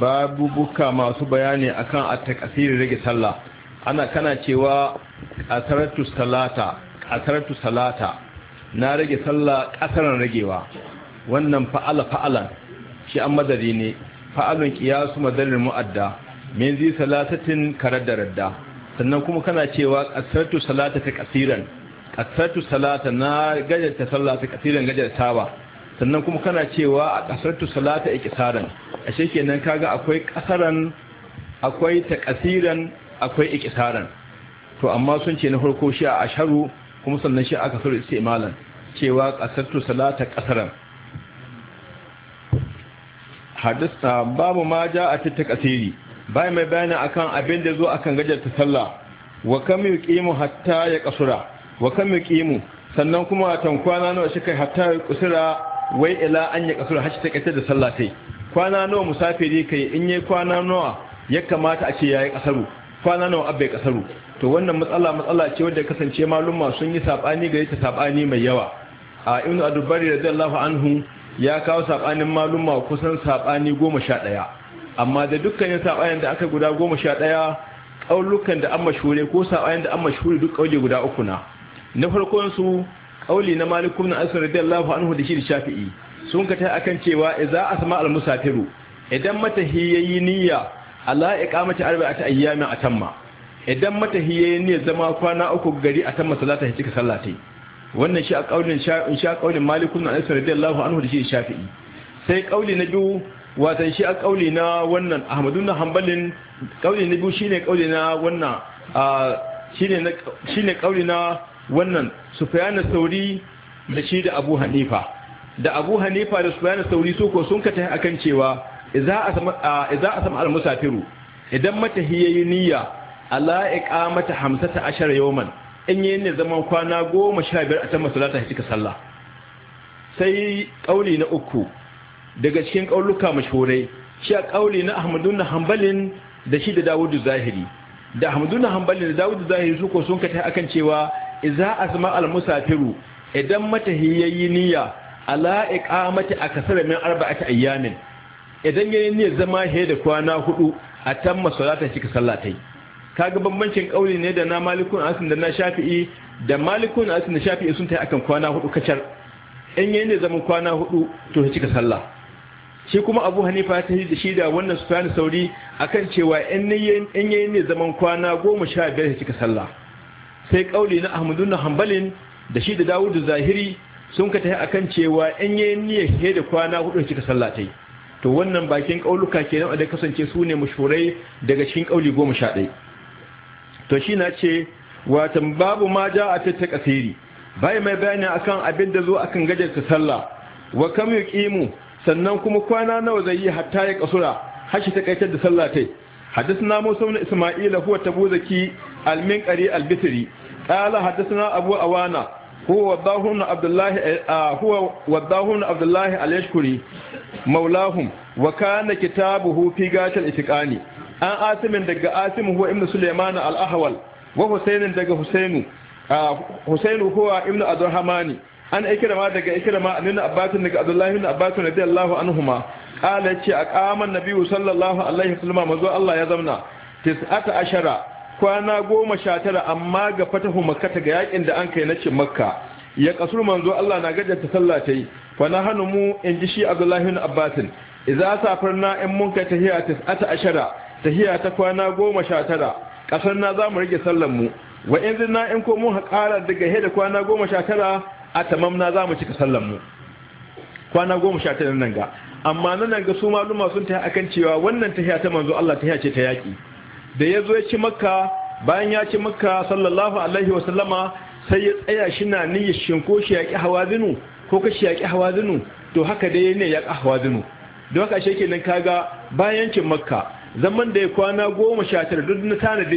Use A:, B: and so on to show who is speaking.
A: babu buka masu bayani akan at-takasiri rage sallah ana kana cewa asaratu salata asaratu salata na rage sallah kasaran ragewa wannan fa'ala fa'alan shi an madari ne fa'alun qiyasu madarin mu'adda min zi salatatin karaddaradda sannan kuma kana cewa asaratu salata ta kasiran asaratu salata na gajarta sallah ta kasiran gajartawa sannan kuma kana cewa asaratu salata ikisaran ashe kenan kaga akwai kasaran akwai takasiran akwai ikisaran to amma sun ce na farko shi a asharu kuma sannan shi aka suru istimalan cewa qasartu salata kasaran hadisa babu ma ja a titta kasiri bai mai bayani akan abin da zo akan ta sallah wa kam yuqimu hatta ya kasura wa kam yuqimu sannan kuma tankwana nawa shi kai hatta ya kusura wai ila an ya kasura har ta kaita da sallah tai kwana nawa musafiri kai in yayi kwana nawa ya kamata a ce yayi kasaru kwana nawa ya kasaru to wannan matsala matsala ce wanda kasance malumma sun yi sabani gare ta sabani mai yawa a ibnu adubari radiyallahu anhu ya kawo sabanin malumma kusan sabani 11 amma da dukkanin sabanin da aka guda 11 kaulukan da an mashure ko sabanin da an mashure duk kauli guda uku na na farkon su kauli na malikun na da radiyallahu anhu da shi da shafi'i sun ka ta akan cewa idza asma al musafiru idan matahi yayi niyya ala iqamati arba'ati ayyamin atamma idan matahi yayi niyya zama kwana uku gari atamma salata ya cika sallati wannan shi a kaulin in sha kaulin malikun na aisha radiyallahu anhu da shi shafi'i sai kauli na biyu watan shi a kauli na wannan ahmadun na hanbalin kauli na biyu shine kauli na wannan shine shine kauli na wannan sufyan sauri da shi da abu hanifa da abu hanifa da sufyan sauri su ko sun kata akan cewa idza asama al musafiru idan mata hiyayi niyya ala kamata hamsata ashara yawman in yi ne zaman kwana goma sha biyar a can masalata cika sallah sai kauli na uku daga cikin kauluka mashhurai shi a kauli na Ahmadu, na hambalin da shi da dawudu zahiri da Ahmadu na hambalin da dawudu zahiri su ko sun kata akan cewa idza asama al musafiru idan mata hiyayi niyya ala iqamati akasara min arba'ati ayyamin idan yayin ne zama he da kwana hudu a tamma salata shi ka sallatai kaga bambancin kauli ne da na malikun asin da na shafi'i da malikun asin da shafi'i sun tai akan kwana hudu kacar in yayin ne zaman kwana hudu to shi ka sallah shi kuma abu hanifa ta yi da shi da wannan sufyan sauri akan cewa in yayin ne zaman kwana goma sha biyar shi ka sallah sai kauli na ahmadu na hanbalin da shi da dawudu zahiri sun ka tafi kan cewa 'yan yi niyyar he da kwana hudu kika sallatai to wannan bakin ƙauluka ke nan a da kasance su ne mashurai daga cikin ƙauli goma sha ɗai to shi na ce watan babu ma ja a fitta kasiri bayan mai bayani kan abin da zo akan gajarta sallah wa kam ƙimu, sannan kuma kwana nawa zai yi hatta ya kasura hashi ta kaitar da sallatai tai حدثنا موسى بن إسماعيل هو تبوذكي المنقري البتري قال حدثنا أبو أوانا هو وضاه بن عبد الله هو وضاه بن عبد الله اليشكري مولاهم an asimin daga asimin huwa Ibn suleiman al-ahwal wa husainin daga husainu ah, husainu huwa ibnu adurhamani an ikrama daga a annabi abbasin daga abdullahi ibn abbasin radiyallahu anhuma qala ce aqama an-nabi sallallahu alaihi wasallam mazo Allah ya zamna 19 kwana goma sha tara amma ga fatahu makka ga yakin da an kai na ce makka ya kasur manzo Allah na gajanta sallah ta yi fa na hanu mu in ji shi Abdullahi bin Abbas idza safarna in mun kai tahiya ta ashara tahiya ta kwana goma sha tara kasar na za mu rage sallar mu wa in zinna in ko mun haƙara daga da kwana goma sha tara a tamamna za mu cika sallar mu kwana goma sha tara nan ga amma nan ga su malumma sun tahi akan cewa wannan tahiya ta manzo Allah tahiya ce ta yaki da ya zo ya ci makka bayan ya ci makka sallallahu alaihi wasallama sai ya tsaya shi na niyyar shinko shi yaƙi hawazinu ko ka shi yaƙi hawazinu to haka dai ne yaƙi hawazinu don haka shi kenan kaga bayan cin makka zaman da ya kwana goma sha tara duk na tanadin